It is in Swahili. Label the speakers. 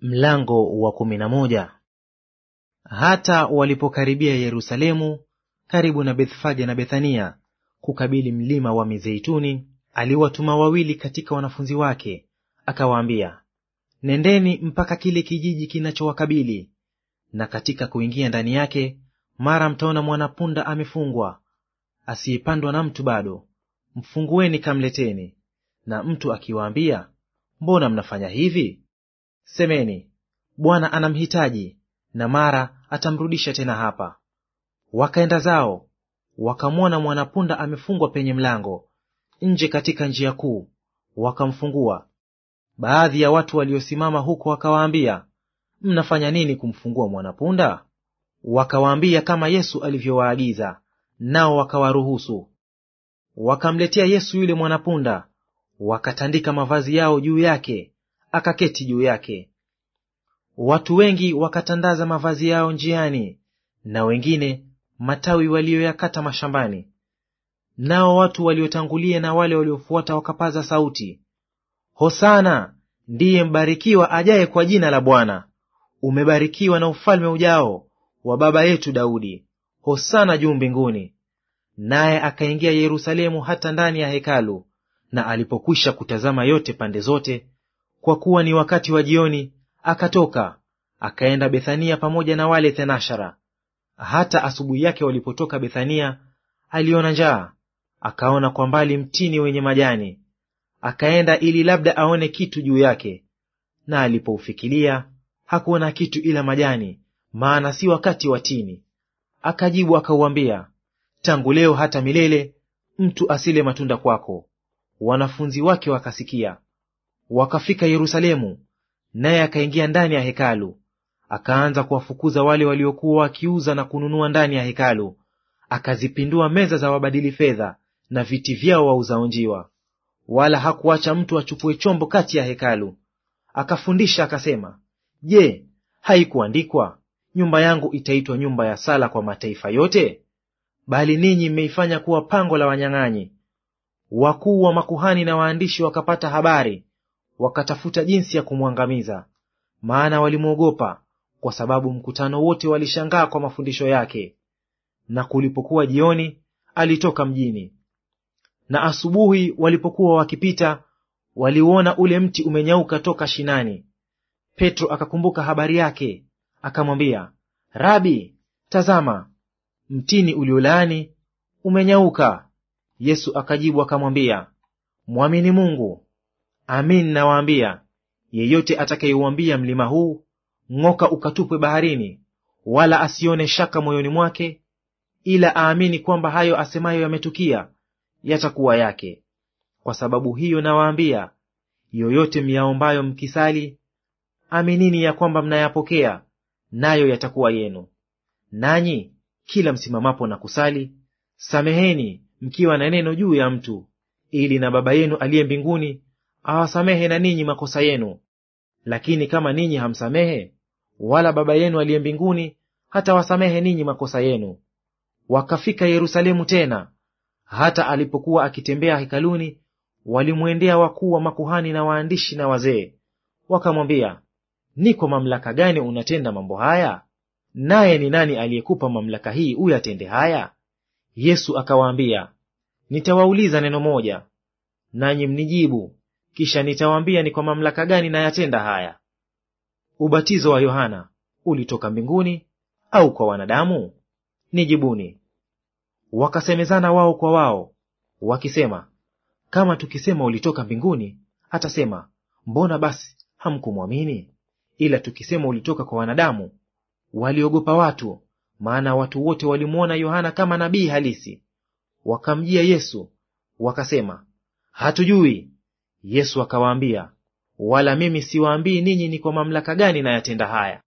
Speaker 1: Mlango wa kumi na moja. Hata walipokaribia Yerusalemu karibu na Bethfage na Bethania kukabili mlima wa Mizeituni, aliwatuma wawili katika wanafunzi wake, akawaambia, nendeni mpaka kile kijiji kinachowakabili, na katika kuingia ndani yake, mara mtaona mwanapunda amefungwa, asiyepandwa na mtu bado; mfungueni, kamleteni. Na mtu akiwaambia, mbona mnafanya hivi? Semeni, Bwana anamhitaji, na mara atamrudisha tena hapa. Wakaenda zao wakamwona mwanapunda amefungwa penye mlango nje katika njia kuu, wakamfungua. Baadhi ya watu waliosimama huko wakawaambia, mnafanya nini kumfungua mwanapunda? Wakawaambia kama Yesu alivyowaagiza, nao wakawaruhusu. Wakamletea Yesu yule mwanapunda, wakatandika mavazi yao juu yake, akaketi juu yake. Watu wengi wakatandaza mavazi yao njiani, na wengine matawi waliyoyakata mashambani. Nao watu waliotangulia na wale waliofuata wakapaza sauti, Hosana! Ndiye mbarikiwa ajaye kwa jina la Bwana. Umebarikiwa na ufalme ujao wa baba yetu Daudi. Hosana juu mbinguni. Naye akaingia Yerusalemu hata ndani ya hekalu, na alipokwisha kutazama yote pande zote, kwa kuwa ni wakati wa jioni, akatoka akaenda Bethania pamoja na wale thenashara. Hata asubuhi yake walipotoka Bethania, aliona njaa, akaona kwa mbali mtini wenye majani, akaenda ili labda aone kitu juu yake, na alipoufikilia hakuona kitu ila majani, maana si wakati wa tini. Akajibu akauambia, tangu leo hata milele mtu asile matunda kwako. Wanafunzi wake wakasikia. Wakafika Yerusalemu, naye akaingia ndani ya hekalu, akaanza kuwafukuza wale waliokuwa wakiuza na kununua ndani ya hekalu, akazipindua meza za wabadili fedha na viti vyao wauzao njiwa, wala hakuacha mtu achukue chombo kati ya hekalu. Akafundisha akasema, Je, haikuandikwa, nyumba yangu itaitwa nyumba ya sala kwa mataifa yote? Bali ninyi mmeifanya kuwa pango la wanyang'anyi. Wakuu wa makuhani na waandishi wakapata habari, wakatafuta jinsi ya kumwangamiza, maana walimwogopa, kwa sababu mkutano wote walishangaa kwa mafundisho yake. Na kulipokuwa jioni, alitoka mjini. Na asubuhi walipokuwa wakipita, waliuona ule mti umenyauka toka shinani. Petro akakumbuka habari yake, akamwambia, Rabi, tazama, mtini uliolaani umenyauka. Yesu akajibu akamwambia, mwamini Mungu. Amin nawaambia, yeyote atakayeuambia mlima huu ng'oka ukatupwe baharini, wala asione shaka moyoni mwake, ila aamini kwamba hayo asemayo yametukia, yatakuwa yake. Kwa sababu hiyo nawaambia, yoyote myaombayo mkisali, aminini ya kwamba mnayapokea, nayo yatakuwa yenu. Nanyi kila msimamapo na kusali, sameheni mkiwa na neno juu ya mtu, ili na Baba yenu aliye mbinguni awasamehe na ninyi makosa yenu. Lakini kama ninyi hamsamehe, wala Baba yenu aliye mbinguni hatawasamehe ninyi makosa yenu. Wakafika Yerusalemu tena. Hata alipokuwa akitembea hekaluni, walimwendea wakuu wa makuhani na waandishi na wazee, wakamwambia, ni kwa mamlaka gani unatenda mambo haya? Naye ni nani aliyekupa mamlaka hii uyatende haya? Yesu akawaambia, nitawauliza neno moja, nanyi mnijibu kisha nitawaambia ni kwa mamlaka gani nayatenda haya. Ubatizo wa Yohana ulitoka mbinguni au kwa wanadamu? Nijibuni. Wakasemezana wao kwa wao wakisema, kama tukisema ulitoka mbinguni, atasema mbona basi hamkumwamini? Ila tukisema ulitoka kwa wanadamu, waliogopa watu, maana watu wote walimwona Yohana kama nabii halisi. Wakamjia Yesu wakasema, hatujui. Yesu akawaambia, wala mimi siwaambii ninyi ni kwa mamlaka gani nayatenda haya.